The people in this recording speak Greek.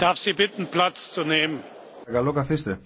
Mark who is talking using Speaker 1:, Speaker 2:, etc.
Speaker 1: darf Sie bitten, Platz zu nehmen.
Speaker 2: Καλό καθίστε.